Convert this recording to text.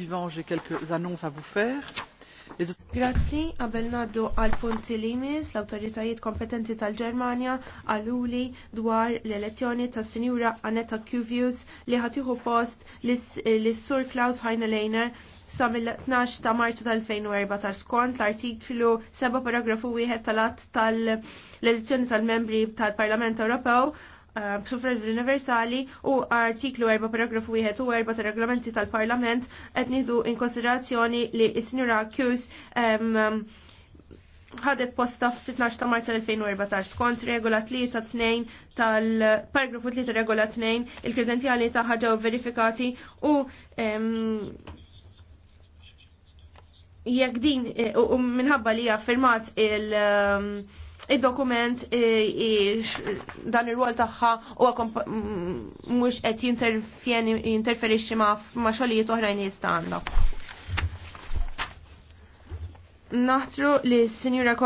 suivant, j'ai quelques annonces à vous faire. Grazzi, a Bernardo għal punti limis l-autoritajiet kompetenti tal-Germania għaluli dwar l-elezzjoni ta' sinjura Aneta Kuvius li ħatiħu post s sur Klaus Heinelejner sa mill-12 ta' Martu tal 2014 skont l-artiklu 7 paragrafu 1 tal-att tal-elezzjoni tal-membri tal-Parlament Ewropew Eh, suffraġġ universali u artiklu 4 paragrafu 1 u 4 ta' reglamenti tal-Parlament qed nieħdu in konsiderazzjoni li s-Sinjura Kjus ħadet posta f-12 ta' marzu 2014 skont regola 3 ta' 2 tal-paragrafu 3 ta' regola 2 il-kredenzjali ta' ħaġaw verifikati u jekk din eh, u minħabba li affirmat il- il-dokument dan ir-rol tagħha u mhux qed jinterferixxi ma' xogħlijiet oħrajn li Naħtru li s-Sinjura